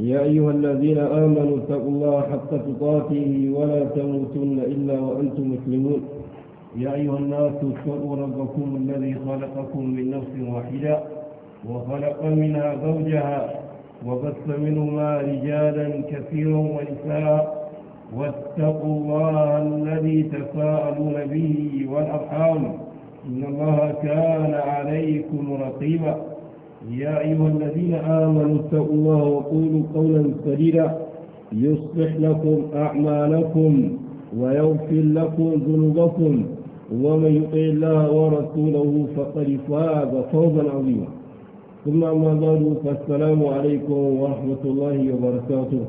يا أيها الذين آمنوا اتقوا الله حق تقاته ولا تموتن إلا وأنتم مسلمون يا أيها الناس اتقوا ربكم الذي خلقكم من نفس واحدة وخلق منها زوجها وبث منهما رجالا كثيرا ونساء واتقوا الله الذي تساءلون به والأرحام إن الله كان عليكم رقيبا يا أيها الذين آمنوا اتقوا الله وقولوا قولا سديدا يصلح لكم أعمالكم ويغفر لكم ذنوبكم ومن يطع الله ورسوله فقد فاز فوزا عظيما ثم أما بعد فالسلام عليكم ورحمة الله وبركاته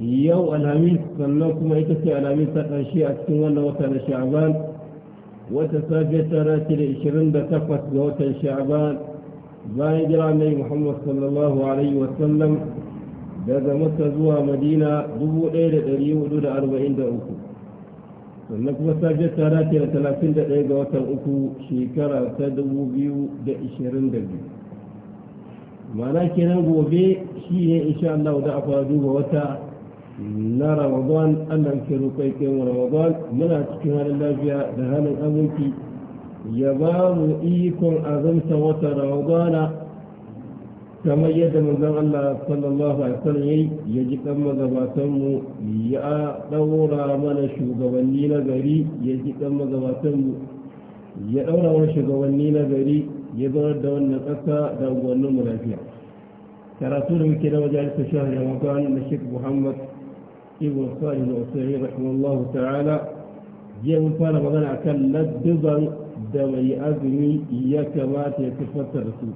يوم الهميس سنكم أيتسي الهميس أشياء تكون وتر شعبان وتسابيت راتل 28 شعبان bayan jira nai muhammad sallallahu alaihi wasallam daga masa zuwa madina 1443 sannan kuma safiyar dace da 31 ga watan uku shekara ta 2022 mana kenan gobe shi ne insha Allah da aka duba wata na ramadan allah ke roƙon ramadan muna cikin halin lafiya da halin aminci ya ba mu ikon azanta wata ramadana kamar yadda manzon Allah sallallahu alaihi wasallam yayi ya ji kan magabatan mu ya daura mana shugabanni na gari ya ji kan magabatan mu ya daura mana shugabanni na gari ya zaunar da wannan ƙasa da unguwannin mu lafiya karatu da muke na majalisar shahar ramadan na shek muhammad ibn salih al-usairi rahimahullahu ta'ala jiya mun fara magana akan ladduban دمي أزمي إياك ما تيكفت الرسول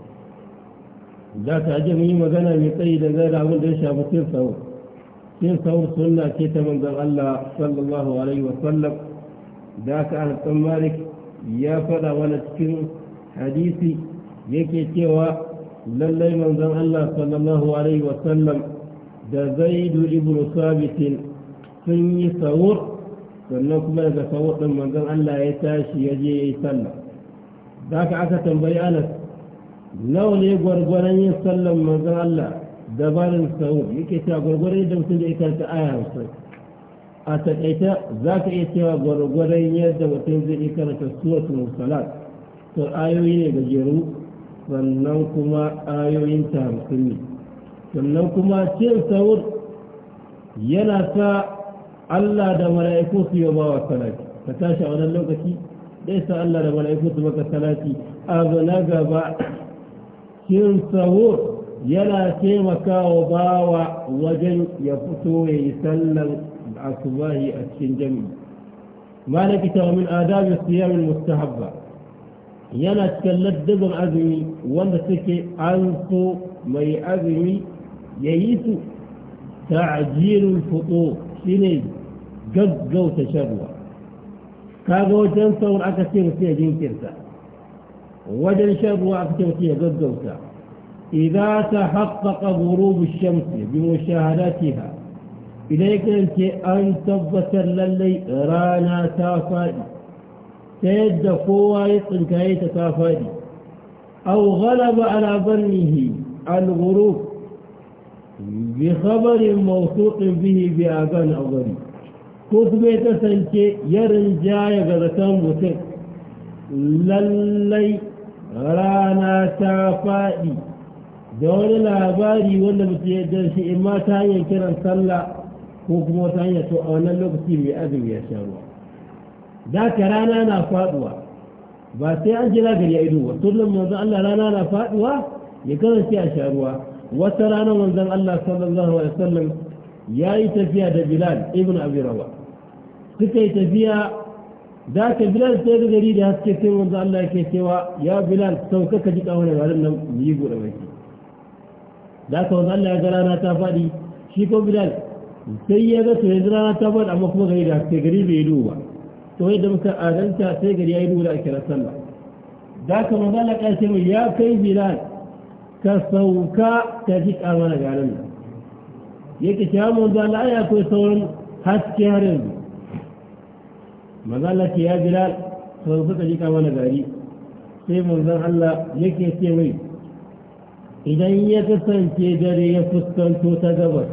دا تعجبني مغانا ميطيدا غير عمل ديشا بطير صور تير صور سنة كيتا من ذا الله صلى الله عليه وسلم داك أهل مالك يا فدا وانا تكرم حديثي يكي تيوا للي من ذا الله صلى الله عليه وسلم دا زيد ابن ثابت سني صور sannan kuma daga sabon ɗin Allah ya tashi ya je ya yi sallah za ka aka tambayi anas nawa ne gwargwaron yin sallan manzan Allah dabarin barin sahur yake cewa gwargwaron yadda mutum da ikanta aya hamsin a taƙaita za ka iya cewa gwargwaron yadda mutum zai iya karanta suratul musalat to ayoyi ne gajeru sannan kuma ayoyin ta hamsin ne sannan kuma cin sahur yana sa Allah da mala'iku su yi bawa salati ka tashi a wannan lokaci dai sa Allah da mala'iku su maka salati abu na gaba shin sahur yana taimakawa bawa wajen ya fito ya yi sallan asubahi a cikin jami'i malaki ta min adabi siyamin mustahabba yana cikin laddaban azumi wanda suke an so mai azumi ya yi su ta'ajirul fito shine gaggauta shan ruwa kaga wajen sauran aka ce mutum ya jinkirta wajen shan ruwa aka ce mutum ya gaggauta إذا تحقق غروب الشمس بمشاهدتها إليك أنت أن تبتر للي رانا تافادي تيد قوة كيت تافادي أو غلب على ظنه الغروب بخبر موثوق به بآبان أو غريب ko kuma ya kasance yarin jaya ga zaton mutum lallai rana ta faɗi da wani labari wanda mutum ya dan shi in ma ta hanyar kiran sallah ko kuma ta hanyar to a wannan lokaci mai azumi ya sha ruwa da ka rana na faɗuwa ba sai an jira gari a ido ba tullum manzo Allah rana na faɗuwa ya kasance a sha ruwa wata rana manzon Allah sallallahu alaihi wasallam yi tafiya da Bilal ibn Abi Rawa suka yi tafiya da ka Bilal sai da gari da haske sai manzon Allah yake cewa ya Bilal sauka ka ji kawai garin nan yi gura baki da ka manzon Allah ya ga rana ta fadi shi ko Bilal sai ya ga to ya rana ta fadi amma kuma gari da haske gari bai yi ba. to yadda muka adanta sai gari ya yi duba a kira sallah da ka manzon Allah ya ce ya kai Bilal ka sauka ka ji amana ga nan yake cewa mu da Allah ya akwai sauran haske har yanzu mazalla ce ya bilal sauka ka ji amana gari sai manzon Allah yake ce mai idan ya kasance dare ya fuskanto ta gabas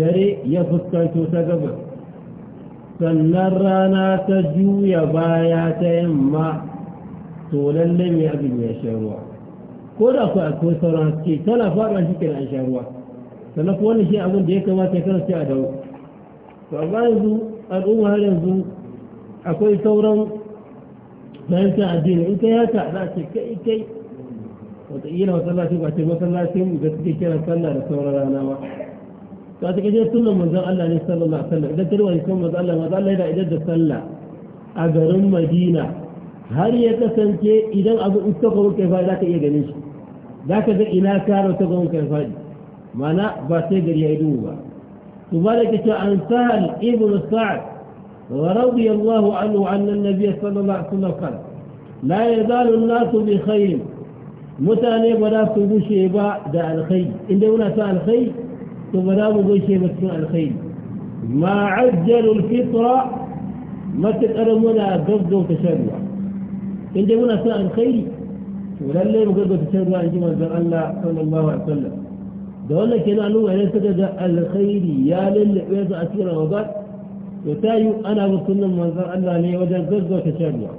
dare ya fuskanto ta gabas sannan rana ta juya baya ta yamma to lalle mai abin ya sha ruwa ko da ku ko sauran haske tana faɗa shi kira an sha ruwa sannan kuma wani shi abin da ya kamata ya karanta a dawo to amma yanzu al'umma har yanzu akwai sauran fahimtar addini in kai haka za a ce kai kai wataƙila masallaci ba ce masallacin da suke kira sallah da sauran rana ba to a cikin sunan manzon Allah ne sallallahu alaihi wasallam idan tarwa ne manzon Allah manzon Allah yana idan da sallah a garin Madina har ya kasance idan abu in ka kuma kai fa za ka iya ganin shi za ka ga ina karo ta gwamnati ya faɗi mana ba sai gari ya yi duhu ba su ba da kacin an sahal ibn sa'ad wa rabbi allahu anhu annan nabiya sallallahu alaihi wasallam kan la yazalu an-nasu bi khairin mutane ba za su gushe ba da alkhairi inda muna sa alkhairi to ba za mu gushe ba cikin alkhairi ma ajjalul fitra matuƙar muna gaggauta sharwa inda muna sa alkhairi ولله مجرد سيدنا عن جمال زر الله صلى الله عليه وسلم دول لك أنا أنه سجد الخير يا لل ويضع أسير وضع وتايو أنا بصنا من زر الله لي وجه جزء تشابه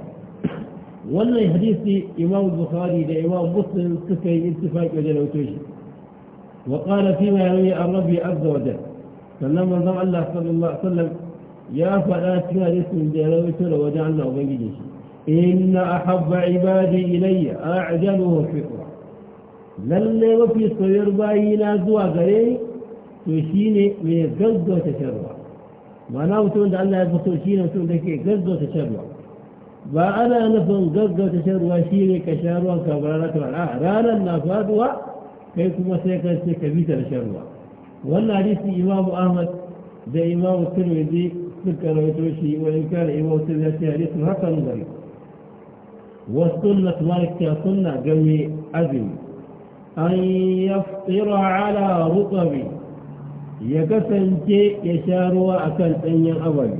ولا حديث إمام البخاري لإمام مسلم كفي اتفاق وجل وتوجه وقال فيما يروي عن ربي عز وجل فلما زر الله صلى الله عليه وسلم يا فلا تكاد اسم الجلاله وجعلنا وبنجي جيشه إن أحب عبادي إلي أعجله فكرة lalle mafi soyar bayi na zuwa gare ni to shi ne mai gaggauta sharwa mana mutum da Allah ya fito shi ne mutum da ke gaggauta sharwa ba ana nufin gaggauta sharwa shi ne ka sha ruwan ka bar raka a ranar na faduwa kai kuma sai ka ce ka bitar sharwa wannan hadisi imamu ahmad da imamu tirmidhi suka rawaito shi wa in kana imamu tirmidhi hadisi hakan gari والسنة مالك سنة جمي أذن أن يفطر على رطب يكسن شيء يشاروا أكل أن ينأبل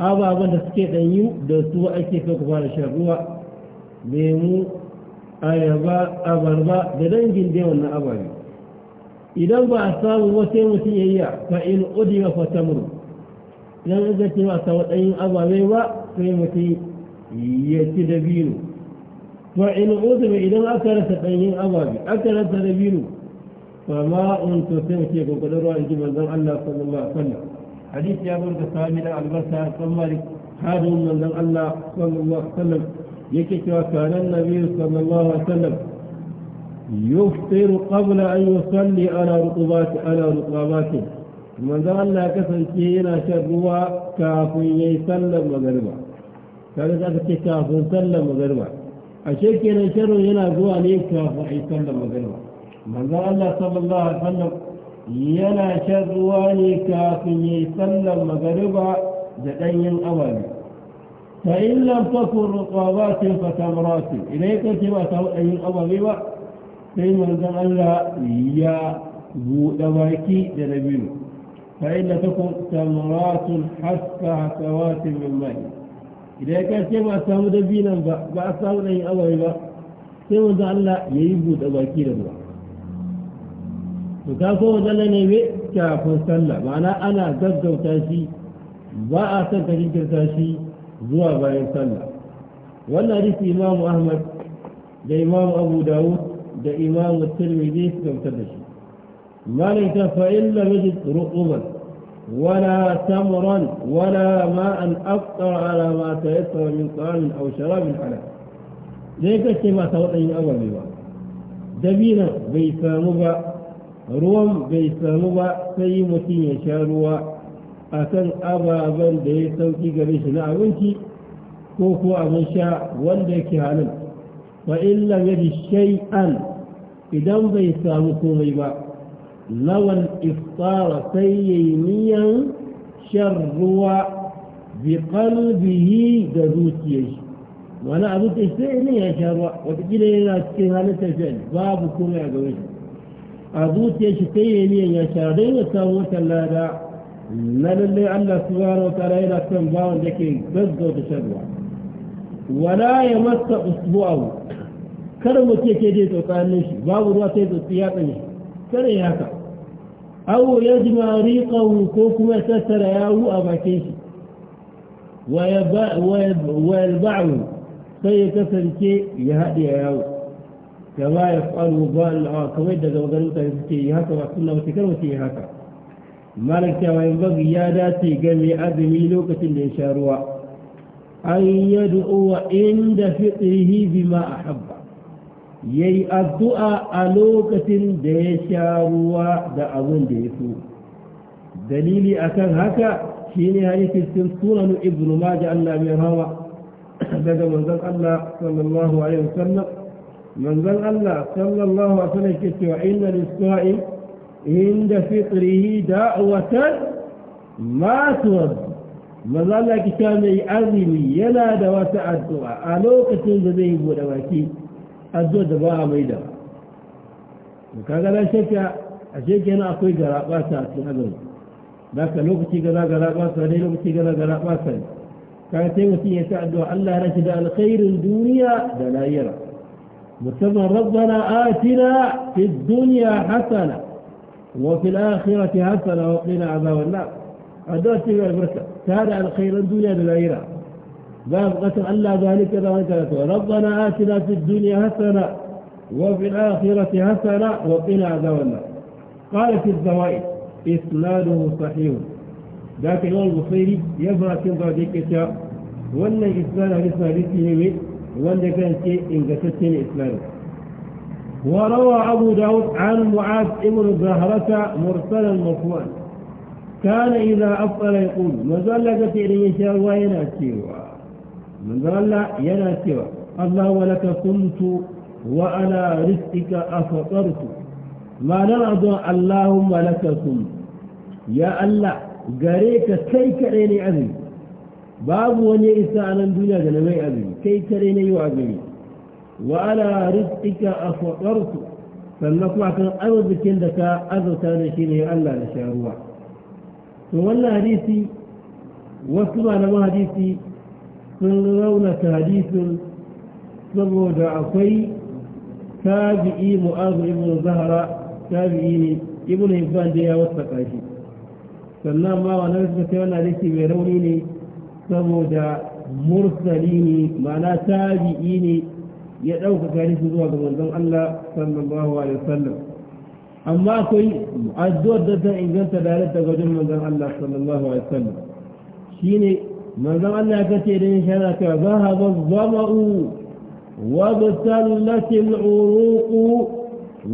أبا أبن تسكيت أن يدسوا أكي فكبار شروا ليمو أيبا أبربا بدنجل ديون أبل idan ba a samu wasu mutum ya yi fa in udiya fa tamru idan an zace ba a samu ɗanyin ababe ba sai mutum يأتي دبيره وإن عذب إذا أكل سقيمين أبابي أكل سدبيره فما أنت سمتيك وقدر رأيك من ذن الله صلى الله عليه وسلم حديث يا بورك سامنا البرسة الصمارك هذا من ذن الله صلى الله عليه وسلم يكي وكان النبي صلى الله عليه وسلم يفطر قبل أن يصلي على رطبات على رطباته من ذن الله كسن كينا شروا كافيني سلم مغربا كان هذا كتاب وسلم وغيره الشيء كان يشر هنا جوا ليك وسلم وغيره من قال الله صلى الله عليه وسلم يلا شر وانيك في يسلم مغربا جدين أولي فإن لم تكن رقابات فتمرات إليك كما تؤدي الأولي فإن من قال الله يا دوائك جنبيل فإن تكن تمرات حتى كواتم من مهي idan ya ce ba a samu dabinan ba ba a samu ɗanyen awaye ba sai wanzu Allah ya yi buɗe baki da ruwa to ka so wanzu Allah ne mai kafin sallah ma'ana ana gaggauta shi ba a son ka jinkirta shi zuwa bayan sallah wannan hadisi imamu ahmad da imamu abu dawud da imamu tirmidhi su fitar da shi ta fa illa majid ru'uman ولا تمرا ولا ماء أفطر على ما تيسر من طعام أو شراب حلال ليك ما توطي أول بما دبينا بيسامبا ruwan bai samu ba sai mutum ya sha ruwa a kan ababen da ya sauki gare shi na abinci ko ko abin sha wanda yake halin fa illa yadi shay'an idan bai samu komai ba lawan iftara sai yayi niyan shan ruwa bi qalbihi da zuciyar shi wani abu ta sai yi ya shan ruwa watakila yana cikin halin tafiya babu komai a gaban shi a zuciyar shi sai yi niyan ya sha dai ya samu wata lada na lallai Allah subhanahu wa ta'ala yana son bawan da ke da shan ruwa wala ya masa usbu'ahu kada mu ce ke dai tsakanin shi babu ruwa sai tsotsi ya tsane kada ya haka أو يجمع ريقه كوكما تترياه أباكيش ويلبعه سيكسر كي يهدي ياو كما يفعل ضال آه، كما يدد وقالوتا يفكي يهكا وكنا وتكلم يهكا مالك وينبغي يا داتي جميع أدمي لوكة شاروها أن يدعو عند فطره بما أحبه yayi addu'a a lokacin da ya sha ruwa da abin da ya so dalili akan haka shi ne hadisi cikin sunanu ibnu maja Allah mai hawa daga manzon Allah sallallahu alaihi wasallam manzon Allah sallallahu alaihi wasallam ke cewa inna lisqa'i inda fitrihi da'watan ma tuwad manzon Allah ke cewa mai azumi yana da wata addu'a a lokacin da zai bude baki addu'a da ba a maida to kaga na shakka a shekki yana akwai garaɓasa a cikin azumi za ka lokaci gaza garaɓasa ne lokaci gaza garaɓasa ne kaga sai mutum ya ta addu'a Allah ya rashi da alkhairin duniya da lahira musamman rabbana atina fi duniya hasana wa fil akhirati hasana wa qina azaban nar addu'a ce ga albarka ta da alkhairin duniya da lahira باب قسم ألا ذلك ذلك ربنا آتنا في الدنيا حسنة وفي الآخرة حسنة وقنا عذاب النار قال في الزوائد إسناده صحيح ذاك الإمام البصيري يفرع تنظر ديكتا وأن إسناده لسنادته وأن كان شيء إنجتتني إسناده وروى أبو داود عن معاذ ابن الزهرة مرسلا مرفوعا كان إذا أفضل يقول مزلقة إليه شاوين أتيوه من قال لا ينا سوى الله ولك قمت وعلى رزقك أفطرت ما نرضى اللهم لك كنت يا الله قريك سيك عيني عزيز باب وني إسان الدنيا جنمي عزيز كيك عيني وعزيز وعلى رزقك أفطرت فالنقوع كان أرض كندك أرض تانشيني ألا نشاء الله فوالله حديثي وصلنا على ما حديثي sun raunata hadisin saboda akwai tabi'i mu'azu ibn zahara tabi'i ne ibn hibban da ya wasaka shi sannan ma wannan suka ce wannan hadisi mai rauni ne saboda mursali ne ma'ana tabi'i ne ya ɗaukaka hadisin zuwa ga manzon Allah sallallahu alaihi wasallam amma akwai addu'ar da ta inganta da daga wajen manzon Allah sallallahu alaihi wasallam shine مَنْ عَلَّا كَثِيرٍ شَرَكَ ذَهَبَ الظَّمَأُ وَابْتَلَّتِ الْعُرُوقُ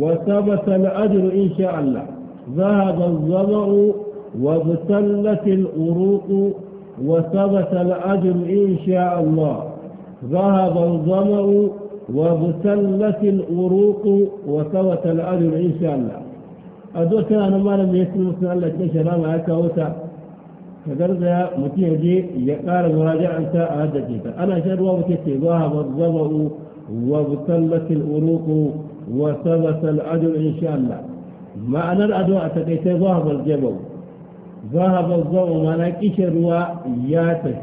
وَثَبَتَ الْأَجْرُ إِنْ شَاءَ اللَّهُ ذَهَبَ الظَّمَأُ وَابْتَلَّتِ الْعُرُوقُ وَثَبَتَ الْأَجْرُ إِنْ شَاءَ اللَّهُ ذَهَبَ الظَّمَأُ وَابْتَلَّتِ الْعُرُوقُ وَثَبَتَ الْأَجْرُ إِنْ شَاءَ اللَّهُ أَدْوَتَ أَنَا مَا لَمْ يَسْلُمُ سَنَ اللَّهِ كَيْشَ رَامَ أَكَوْتَ كذلك متي هدي قال المراجع أنت أهدى جيتا أنا شهد وابتتي ذهب الضبأ وابتلت الأروق وثبت العدل إن شاء الله ما أنا الأدواء أتقيت ذهب الجبل ذهب الضوء ما أنا كشر وياتي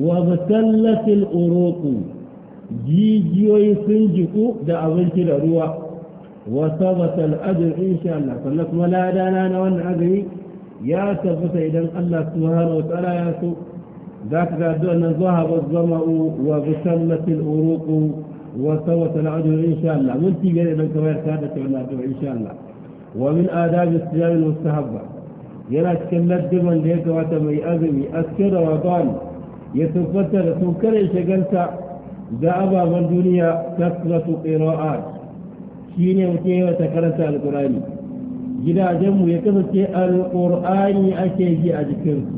وابتلت الأروق جيجي ويسنجكو ده أبنت الأروق وثبت العدل إن شاء الله فلنك لا دانان وانعبي ya tabbata idan Allah subhanahu wataala ya so ga ga nan zuwa wa bisallati ذاك قد أن ذهب الظمأ وبسلت الأروق وسوت العجل إن شاء الله من تيجي من كبير insha Allah wa min adab al-siyam al-mustahabba yana cikin laddiman da ya kamata mai azumi aske wa ban ya tabbata da su kare shagalta da ababen duniya kasratu qira'at shine mutum ya karanta al-qur'ani gidajenmu ya kasance alƙur'ani ake yi a jikinsu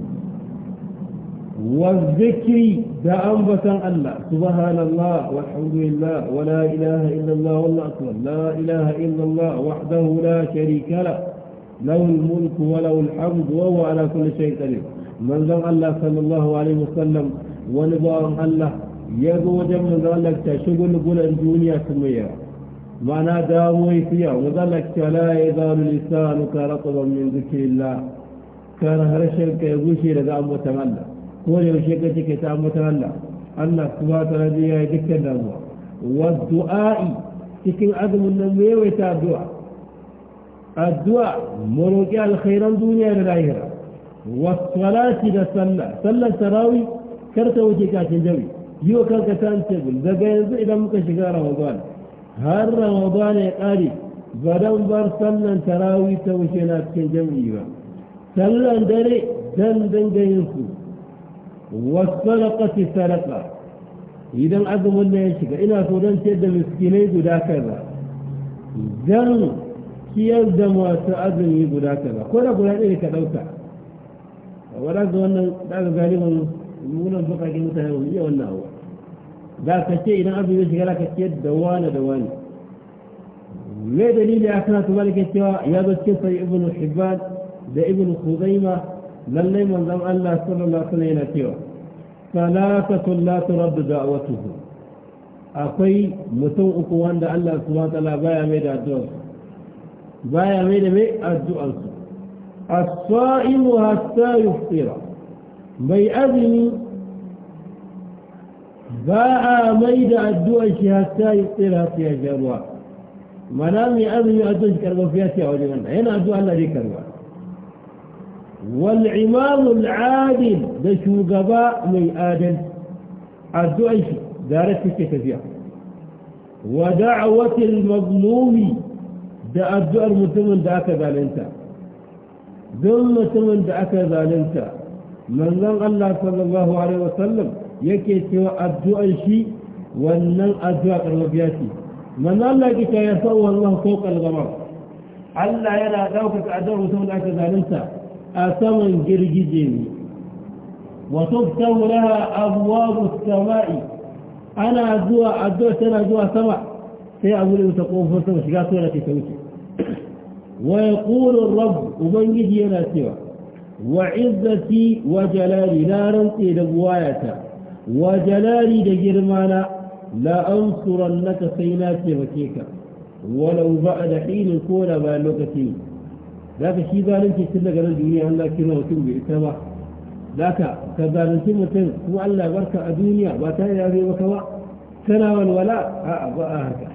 والذكر ده أنبتا الله سبحان الله والحمد لله ولا إله إلا الله والله أكبر لا إله إلا الله وحده لا شريك له له الملك وله الحمد وهو على كل شيء قدير من ذم الله صلى الله عليه وسلم ونظام الله يدو جمع ذلك تشغل قول الدنيا سمية معناه داومي فيها وذلك لا يزال لسانك رطبا من ذكر الله كان هرشلك يغشي لذا أم وتملى هو يوشكتك تأم وتملى أن سبات الذي يذكر الله والدعاء تكن عدم النمي وتدعاء الدعاء الدعاء مروجع الخير الدنيا للآخرة والصلاة للصلاة صلى التراوي كرت وجهك عشان جوي يو كان كسان تقول إذا ممكن وقال har ramadan ya ƙari ba don bar sallan tarawi ta wuce na cikin jam'i ba sallan dare dan dangayin su wasu sadaka idan azumin na ya shiga ina so don ce da miskinai guda kaza zan ciyar da masu azumi guda kaza ko da guda ɗaya ka ɗauka wadda ga wannan ɗaga galiban munan bakakin mutane ba mu iya wannan abuwa ذاك الشيء إذا أبي يسجى لك الشيء دوانا دوانا ما دليل أثناء مالك الشيء يا بس ابن حبان ده ابن خزيمة للي من ذم الله صلى الله عليه وسلم الشيء ثلاثة لا ترد دعوته أقي متوء قوان ده الله سبحانه وتعالى بايا ميدا دوانا بايا ميدا ميدا دوانا الصائم حتى يفطر بيأذن ba a mai da addu'ar shi hatta yi tsira hatta ya sha ruwa mana mai azumi addu'ar shi karɓar fiye a wajen Allah yana addu'a Allah zai karɓa والعمام العادل ده شوغباء من آدم الدعش دارت التكفية ودعوة المظلوم ده الدعاء المتمن ده أكذا لنتا ذل متمن ده أكذا لنتا من ذن الله صلى الله عليه وسلم yake cewa addu'ar shi wannan addu'a ƙarfafiya ce manzo Allah yake cewa ya sau wallahu fawqa Allah yana ɗaukaka addu'ar mutum da aka zalunta a saman girgije ne wa tuftahu laha abwabu ana zuwa addu'a tana zuwa sama sai a bude ta kofar sama shiga tona ta wuce wa yaqulu ar ubangiji yana cewa wa izzati wa jalali na rantse da buwayata وجلالي دجرمانا لا أنصر لك سيناتي وكيكا ولو بعد حين كون باللغتين ذاك شي ظالمتي كل قال الدنيا الله كذا وكم بإتبع ذاك كظالمتي متن هو الله بركة الدنيا وتاني أبي وكوا كلا والولاء أهكا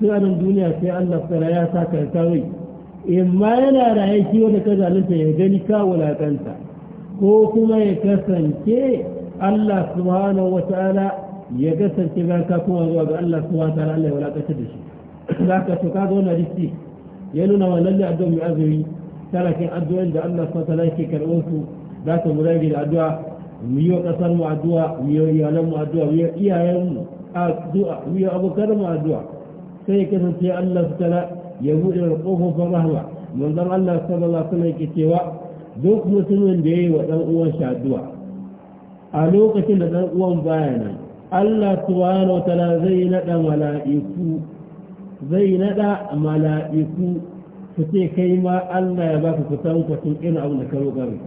كان الدنيا في الله فلا ساكا تاوي إما ينا رأيكي ولكذا لنت يهدنك ولا تنسى ko kuma ya kasance الله سبحانه وتعالى يجسد كما كاكوه وقال الله سبحانه وتعالى الله ولا تتدش لكن تكاد هنا جسي يلونا ولن أدوم يأذري تلك أدو عند الله سبحانه وتعالى كالأوسو ذات مراجع الأدواء ميو قصر مع الدواء ميو يعلم مع الدواء ميو إيه يوم الدواء ميو أبو كرم مع الدواء سيكسن سي الله سبحانه وتعالى يبوء إلى القوف فالرهوة من ذر الله سبحانه وتعالى كتواء ذوك مسلم بيه ودوء وشع الدواء alokacin da ɗan uwan bayana Allah subhanahu wa ta'ala zai nada mala'iku zai nada mala'iku su ce kai ma Allah ya baka kusan kwatin ina abin da ka roƙa mai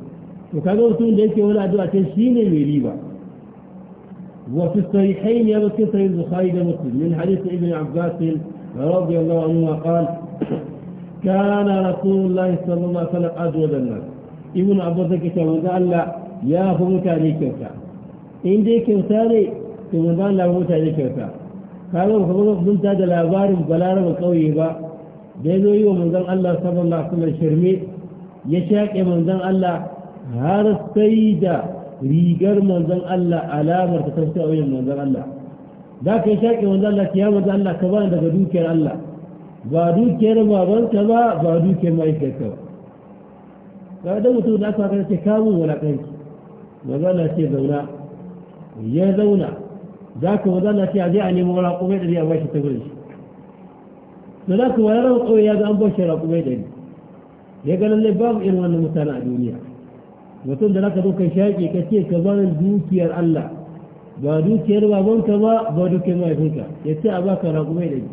to kaga mutum da yake wani addu'a ce shine mai riba wa fi sahihain ya bakin sai bukhari da muslim min hadith ibn abbas radiyallahu anhu wa qala kana rasulullahi sallallahu alaihi wasallam ajwada an-nas ibn abbas yake cewa Allah ya fi mutane kyauta in dai kyauta ne to manzo Allah ya mutane kyauta kaga ba kuma sun ta da labarin ba kauye ba da zo yi wa manzon Allah sallallahu alaihi wasallam shirme ya shaƙe manzon Allah har sai da rigar manzon Allah alamar ta tafi a wajen manzon Allah za ka yi shaƙe manzon Allah ya manzon Allah ka bani daga dukiyar Allah ba dukiyar babanka ba ba dukiyar ma'aikata. ba ga da mutum da aka ce kamun wulaƙanci mazala ce zauna ya zauna za ka zana ce a zai a nemo raƙumai ɗari a bashi ta gurin shi da za ka yaran raƙumai ya ga an bashi raƙumai ɗari ya ga lallai babu irin wannan mutane a duniya mutum da za ka zo ka shaƙe ka ce ka bani dukiyar Allah ba dukiyar ka ba ba dukiyar mahaifinka ya ce a baka raƙumai ɗari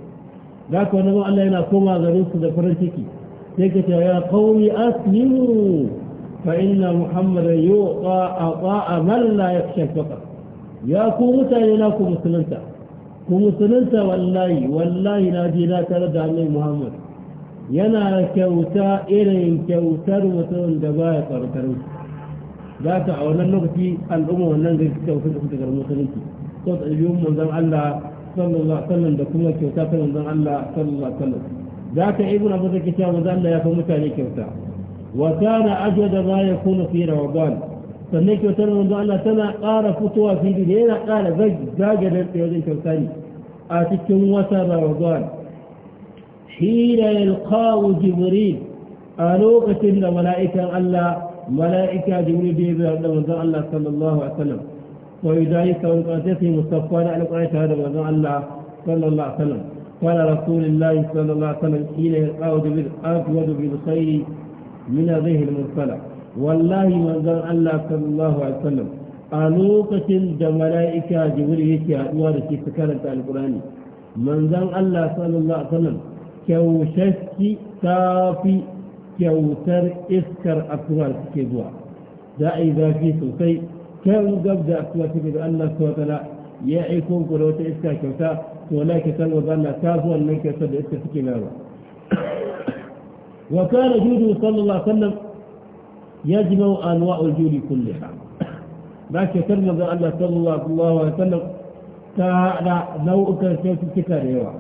za ka wani Allah yana koma garin su da farin ciki sai ka ce ya kawai aslimu فإن محمد يوقى أطاع من لا يخشى الفقر يا كومتا لنا كومسلنتا كومسلنتا والله والله ناجي لا ترد عني محمد ينا كوتا إلين كوتا وتون دبايا قرقرون ذات أولا نغتي الأمة والنغتي كوتا كوتا كوتا صوت اليوم منذ الله صلى الله عليه وسلم دكما كوتا منذ الله صلى الله عليه وسلم ذات ابن أبو ذكي كتاب منذ الله يفهمتا لي كوتا وكان أجد ما يكون في رمضان فنك وتنا من الله تنا قار فتوى في دينه قال زج زاج في يدك الثاني أتكم وتر رمضان حين يلقى جبريل ألوقة ملائكة الله ملائكة جبريل بيبي عبد الله الله صلى الله عليه وسلم ويدايك ويقاتيك مصطفى على قرية هذا رمضان الله صلى الله عليه وسلم قال رسول الله صلى الله عليه وسلم حين يلقى جبريل أفوض بصيري من هذه المرسلة والله من ذا الله صلى الله عليه وسلم ألوكة الملائكة جبريل يتعدوا في سكرت القرآن من ذا الله صلى الله عليه وسلم كوشك تافي كوتر إسكر أكوار سكيدوا دائما في سلطي كم قبض في سكيدوا الله سبحانه وتعالى ya aiko ku da wata iska kyauta to na ka san wanda Allah ta zuwa وكان جوده صلى الله عليه وسلم يجمع أنواع الجود كلها باش ترمز بأن صلى الله عليه وسلم تعالى نوعك سيتكر يوا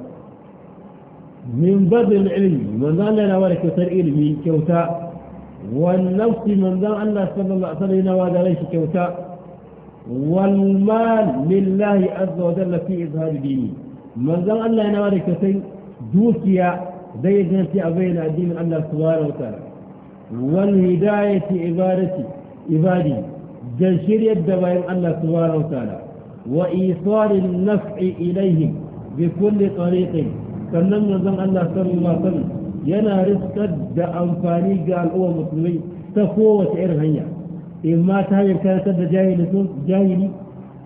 من بدل العلم من ذا لنا ولك يسر علمي كوتا والنفس من ذا أن صلى الله عليه وسلم نواد ليس كوتا والمال لله عز وجل في إظهار دينه من ذا أن لنا ولك يسر بيجنتي أبين أدين الله سبحانه وتعالى والهداية عبادتي عبادي جنشير الدبائن الله سبحانه وتعالى وإيصال النفع إليهم بكل طريق sannan manzon Allah sallallahu alaihi wasallam yana riskar da amfani ga al'umma musulmai ta kowace irin hanya in ma ta hanyar karantar da jahili sun jahili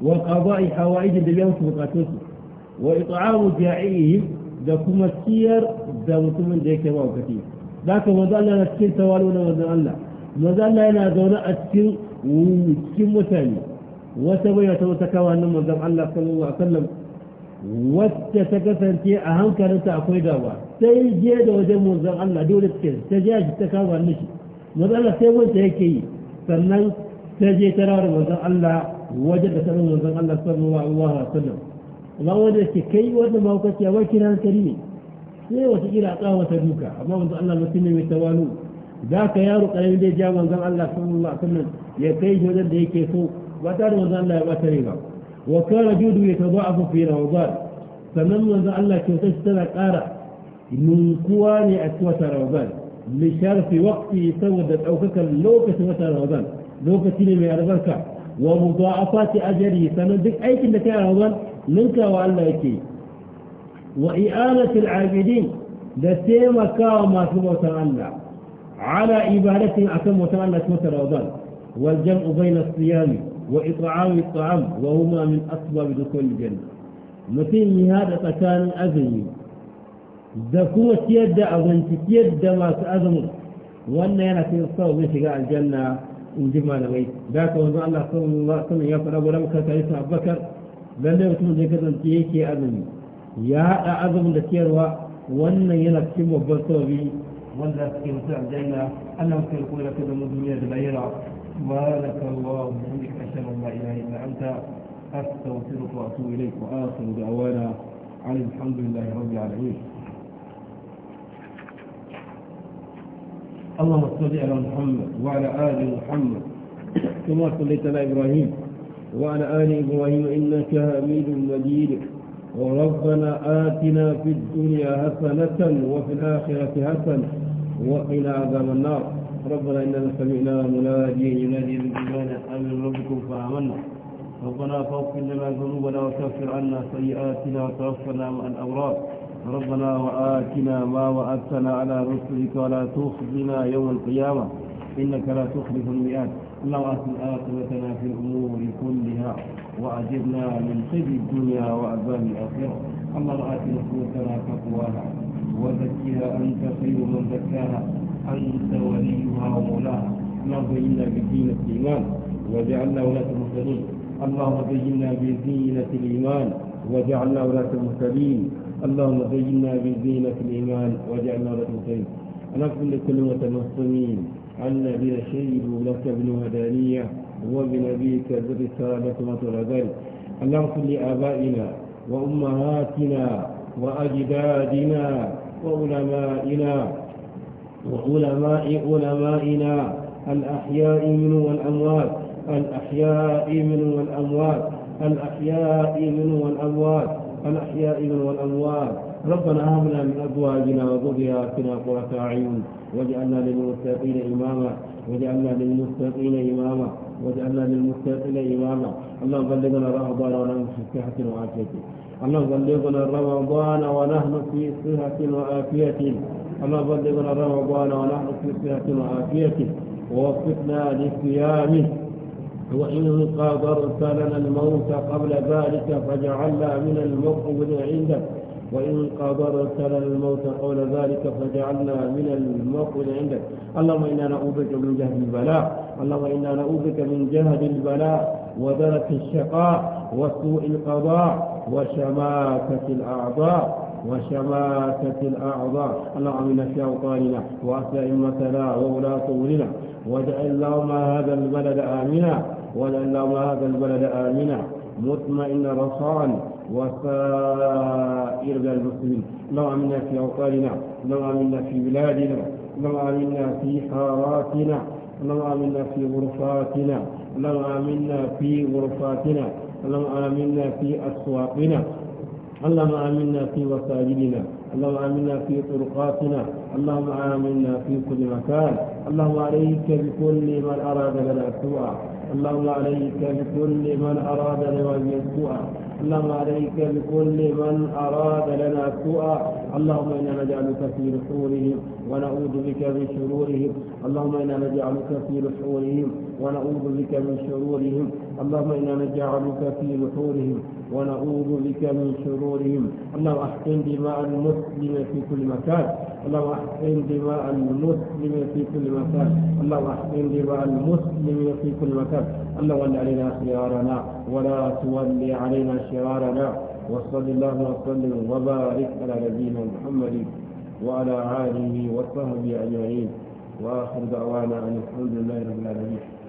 wa qada'i hawaij da biyan su bukatun su wa it'amu ja'ihim da kuma ciyar da mutumin da yake mawakaci za ka maza Allah na cikin tawalo na manzan Allah maza Allah yana zaune a cikin cikin mutane wata bai wata wata kawo hannun manzan Allah sallallahu alaihi wasallam wacce ta kasance a hankalinta akwai dawa sai je da wajen manzan Allah dole take ta je shi ta kawo hannun shi manzan Allah sai wanda yake yi sannan ta je ta rawar manzan Allah wajen da sanin manzan Allah sallallahu alaihi wasallam الله وانا كي وانا موقت يا وكنا نعم الكريم ليه وتجيل عطاه وتدوكا أما من ذا الله وسنة يتوانو ذاك يا رق لم يجي جاوا ذا الله صلى الله عليه وسلم يكي جودا ذي كيفو وتر من ذا الله وتريما وكان جود يتضاعف في رمضان فمن من ذا الله كي تشتر قارا من قواني أسوة رمضان لشرف وقتي سودت أو كك لوكة رمضان لوكة سنة من أرضك ومضاعفات أجري فمن ذك أي كنت يا رمضان منك وعليك وإعالة العابدين لسيما كاوما ثم وتعالى على إبادتهم أثم وتعالى ثمت روضان والجمع بين الصيام وإطعام الطعام وهما من أصبب دخول الجنة مثل نهادة كان أذني ذكوة يد أغنت يد ما سأذمر وأن أنا الصوم من يشقى الجنة ومجمع نبيت ذاك وزع الله صلى الله عليه وسلم يقول أبو لمكة كريسة بكر lallai mutum da ya kasance yake azumi ya haɗa azumin da ciyarwa wannan yana cikin babban sababi wanda suke mutu aljanna Allah muka yi koyar da mu duniya da lahira بارك الله وبحمدك أشهد أن لا إله إلا أنت أستغفرك وأتوب إليك وآخر دعوانا عن الحمد لله رب العالمين اللهم صل على محمد وعلى آل محمد كما صليت على إبراهيم وعلى آل إبراهيم إنك أمين مجيد وربنا آتنا في الدنيا حسنة وفي الآخرة حسنة وقنا عذاب النار ربنا إننا سمعنا مناديا ينادي بالإيمان آمن ربكم فآمنا ربنا فاغفر لنا ذنوبنا وكفر عنا سيئاتنا وتوفنا مع الأبرار ربنا وآتنا ما وعدتنا على رسلك ولا تخزنا يوم القيامة إنك لا تخلف المئات اللهم أتنا آخرتنا في الأمور كلها وأجرنا من خزي الدنيا وعذاب الآخرة اللهم رأت نفوسنا تقواها وزكها أنت خير من زكاها أنت وليها ومولاها اللهم زينا بدين الإيمان وجعلنا ولاة المهتدين اللهم زينا بزينة الإيمان وجعلنا ولاة المهتدين اللهم زينا بزينة الإيمان وجعلنا ولاة المهتدين لكل كلمة المسلمين الذين شهدوا لك ابن هدانية وبنبيك الرسالة وطول ذلك اللهم صل لآبائنا وأمهاتنا وأجدادنا وعلمائنا وعلماء علمائنا الأحياء من والأموات الأحياء من والأموات الأحياء من والأموات الأحياء من والأموات ربنا آمنا من أزواجنا وذرياتنا قرة أعين واجعلنا للمتقين إماما واجعلنا للمتقين إماما واجعلنا للمتقين إماما اللهم بلغنا رمضان ونحن في صحة وعافية اللهم بلغنا رمضان ونحن في صحة وعافية اللهم بلغنا رمضان ونحن في صحة وعافية ووفقنا لصيامه وإن قدرت لنا الموت قبل ذلك فاجعلنا من المقبل عندك وإن قابرت لنا الموت قول ذلك فجعلنا من الموقن عندك اللهم إنا نعوذ بك من جهل البلاء اللهم إنا نعوذ بك من جهل البلاء ودرك الشقاء وسوء القضاء وشماتة الأعضاء وشماتة الأعضاء اللهم امنا في أوطاننا وأصلح أمتنا وولاة أمورنا واجعل اللهم هذا البلد آمنا واجعل اللهم هذا البلد آمنا مطمئن رخاء وسائر المسلمين اللهم امنا في اوطاننا اللهم امنا في بلادنا اللهم امنا في حاراتنا اللهم امنا في غرفاتنا اللهم امنا في غرفاتنا اللهم امنا في اسواقنا اللهم امنا في مساجدنا اللهم امنا في طرقاتنا اللهم امنا في كل مكان اللهم عليك بكل من اراد لنا سوءا اللهم عليك بكل من اراد لنا سوءا وسلم عليك بكل من أراد لنا سوءا اللهم إنا نجعلك في نحورهم ونعوذ بك من شرورهم اللهم إنا نجعلك في نحورهم ونعوذ بك من شرورهم اللهم إنا نجعلك في نحورهم ونعوذ بك من شرورهم اللهم أحقن دماء المسلم في كل مكان اللهم أحقن دماء المسلم في كل مكان اللهم أحقن دماء المسلم في كل مكان اللهم ول علينا خيارنا ولا تولي علينا شرارنا وصل الله وسلم وبارك على نبينا محمد وعلى آله وصحبه أجمعين وآخر دعوانا أن الحمد لله رب العالمين